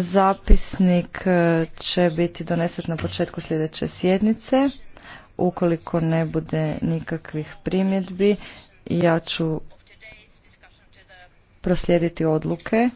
Zapisnik e, će biti donesen na početku sljedeće sjednice. Ukoliko ne bude nikakvih primjedbi, ja ću proslijediti odluke.